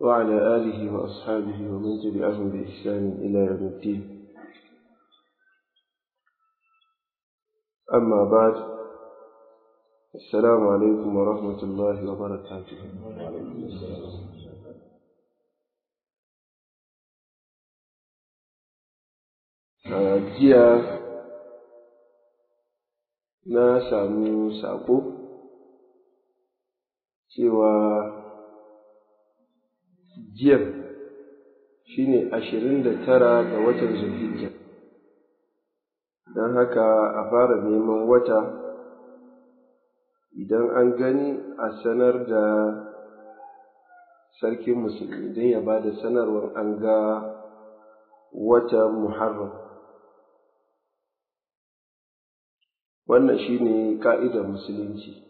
وعلى آله وأصحابه ومن تبعهم بإحسان إلى يوم الدين أما بعد السلام عليكم ورحمة الله وبركاته na samu sako cewa jiyar shi ne ashirin da tara ga watan Zulhijja. Don haka a fara neman wata, idan an gani a sanar da sarkin musulmi don ya ba da sanarwar an ga wata Muharram. Wannan shi ne ƙa'idar Musulunci.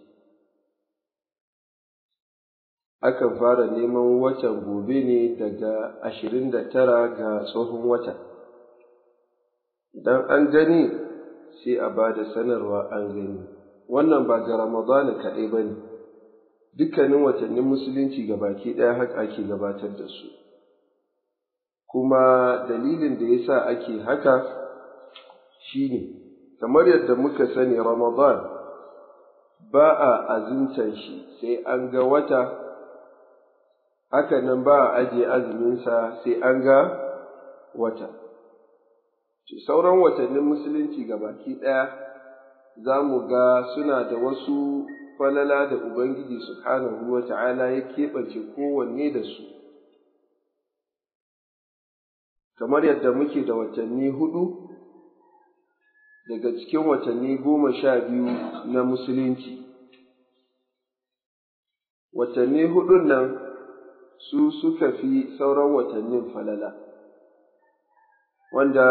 akan fara neman watan gobe ne daga ashirin da tara ga tsohon wata. Don an gani sai a ba da sanarwa an gani, wannan ba ga Ramadana kaɗai ba ne, dukkanin watannin Musulunci baki ɗaya haka ake gabatar da su. Kuma dalilin da ya sa ake haka shi ne, kamar yadda muka sani Ramadan ba a azintar shi sai an ga wata haka nan ba a ajiye azumin sa sai an ga wata. Sauran watannin Musulunci gabaki ɗaya za mu ga suna da wasu falala da Ubangiji su Subhanahu ruwa ta'ala ya keɓance kowanne da su. Kamar yadda muke da watanni hudu, daga cikin watanni goma sha biyu na Musulunci. Watanni hudun nan su suka fi sauran watannin falala, wanda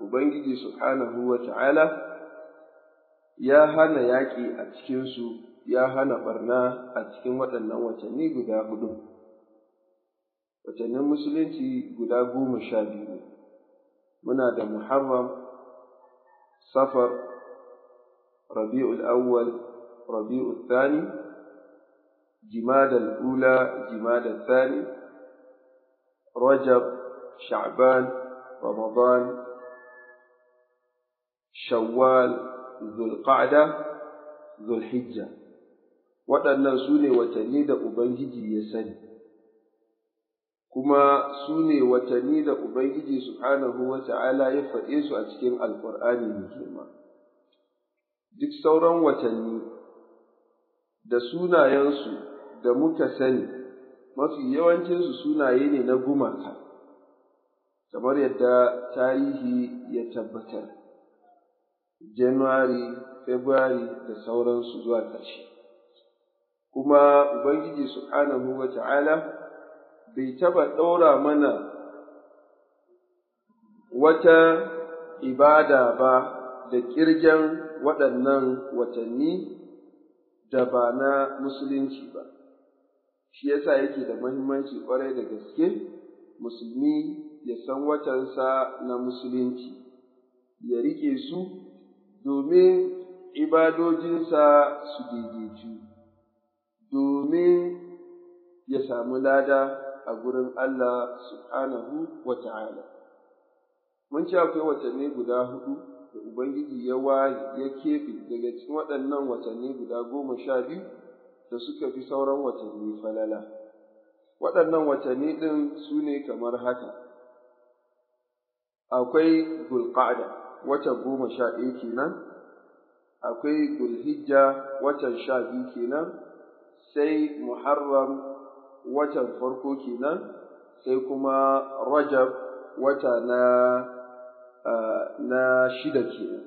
Ubangiji Subhanahu wa ta'ala ya hana yaƙi a cikinsu, ya hana ɓarna a cikin waɗannan watanni guda hudu. Watannin Musulunci guda goma sha biyu muna da Muharram, Safar, Rabi'ul Awwal, Rabi'ul Thani, جماد الأولى جماد الثاني رجب شعبان رمضان شوال ذو القعدة ذو الحجة waɗannan su ne watanni da Ubangiji ya sani, kuma su ne watanni da Ubangiji Subhanahu wa ta'ala ya faɗe su a cikin Alƙur'ani mai girma. Duk sauran watanni da sunayensu da muka sani mafi yawancinsu sunaye ne na gumaka, kamar yadda tarihi ya tabbatar, Januwari, Februari da sauransu zuwa ƙarshe. Kuma Ubangiji Subhanahu wa ta'ala bai taɓa ɗaura mana wata ibada ba da ƙirgen waɗannan watanni da ba na Musulunci ba. shi yasa yake da mahimmanci kwarai da gaske musulmi ya san watansa na musulunci ya riƙe su domin ibadojinsa su daidaitu domin ya samu lada a gurin Allah subhanahu wa Mun ci akwai watanni guda hudu da Ubangiji ya waye ya keɓe daga cikin waɗannan watanni guda goma sha biyu da suka fi sauran watanni falala. Waɗannan watanni ɗin su ne kamar haka, akwai Gulƙada, watan goma sha ɗaya kenan, akwai Gulhijja, watan sha biyu kenan, sai Muharram, watan farko kenan, sai kuma Rajab, wata na, na shida kenan.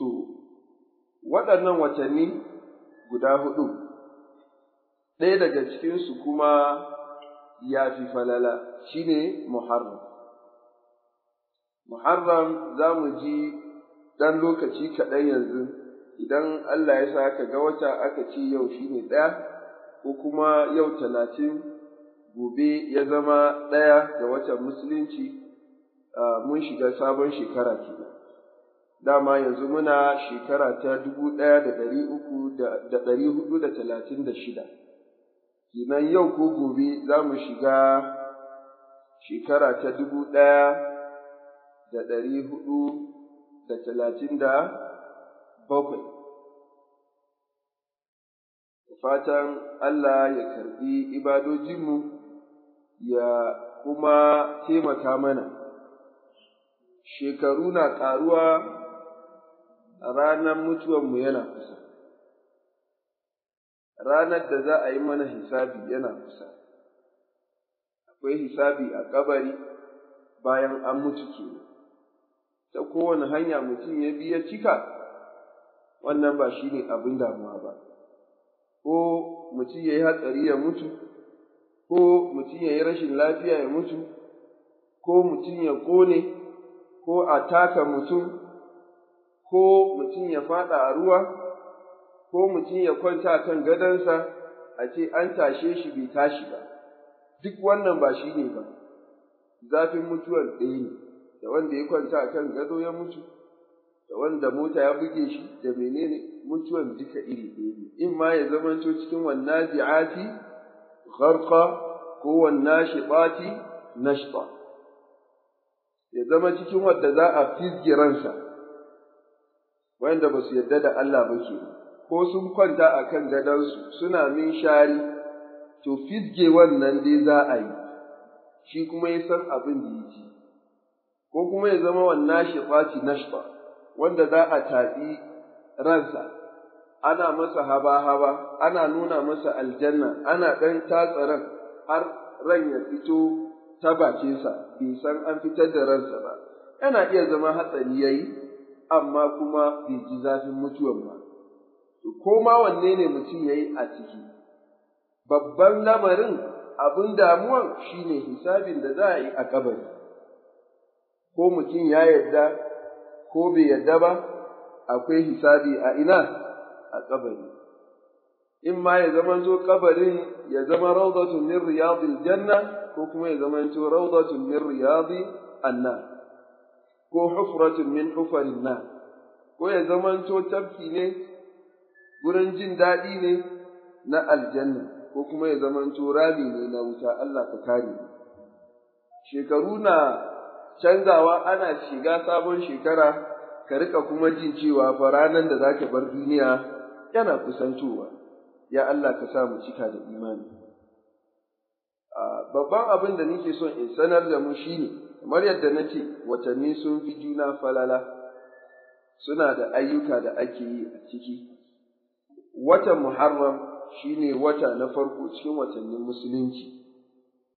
To, waɗannan watanni guda huɗu, ɗaya daga cikinsu kuma ya fi falala shi ne Muharram. Muharram za mu ji ɗan lokaci kaɗan yanzu idan Allah ya sa ka ga wata aka ce yau shi ne ɗaya, ko kuma yau talatin gobe ya zama ɗaya da watan Musulunci mun shiga sabon shekara kenan. dama yanzu muna shekara ta dubu ɗaya da ɗari uku da ɗari hudu da talatin da shida. Kinan yau ko gobe za mu shiga shekara ta dubu ɗaya da ɗari hudu da talatin da bakwai. Fatan Allah ya karɓi ibadojinmu ya kuma taimaka mana. Shekaru na ƙaruwa ranar mutuwanmu yana kusa, ranar da za a yi mana hisabi yana kusa, akwai hisabi a kabari bayan an mutu ke ta kowane hanya mutum ya biya cika, wannan ba shi ne abin damuwa ba, ko mutum ya yi hatsari ya mutu, ko mutum ya yi rashin lafiya ya mutu, ko mutum ya ƙone, ko a taka mutum. ko mutum ya faɗa a ruwa, ko mutum ya kwanta kan gadonsa a ce an tashe shi bai tashi ba, duk wannan ba shi ne ba, zafin mutuwar ɗaya ne, da wanda ya kwanta kan gado ya mutu, da wanda mota ya buge shi da menene mutuwar duka iri ɗaya ne, in ma ya zamanto cikin wannan zi'ati, gharqa ko wannan shiɓati, nashta. Ya zama cikin wadda za a fizgiransa. ransa. wanda ba su yarda da Allah ba ke, ko sun kwanta a kan gadonsu suna min shari, to fizge wannan dai za a yi, shi kuma ya san abin da ya ji. ko kuma ya zama wannan shi ɓaci nashfa, wanda za a taɓi ransa, ana masa haba-haba, ana nuna masa aljanna, ana ɗan tatsaran har ran ya fito ta bakinsa, bai san an fitar da ransa ba, yana iya zama hatsari ya yi. amma kuma bai ji zafin mutuwan ba. Ko ma wanne ne mutum ya yi a ciki, babban lamarin abin damuwan shi ne hisabin da za a yi a kabari, ko mutum ya yarda ko bai yarda ba, akwai hisabi a ina a kabari. In ma ya zama zo kabarin ya zama raudatun min riyadil janna ko kuma ya zama to raudatun min riyadi annar. ko hufratun min hufarin na, ko ya zamanto tafki ne, wurin jin daɗi ne na aljanna, ko kuma ya zamanto rami ne na wuta Allah ka kare. Shekaru na canzawa ana shiga sabon shekara, ka rika kuma jin cewa fa ranar da za ka bar duniya yana kusantowa, ya Allah ka sa mu cika da imani. babban abin da nake son in sanar da mu shine kamar yadda nake watanni sun fi juna falala suna da ayyuka da ake yi a ciki watan muharram shine wata na farko cikin watannin musulunci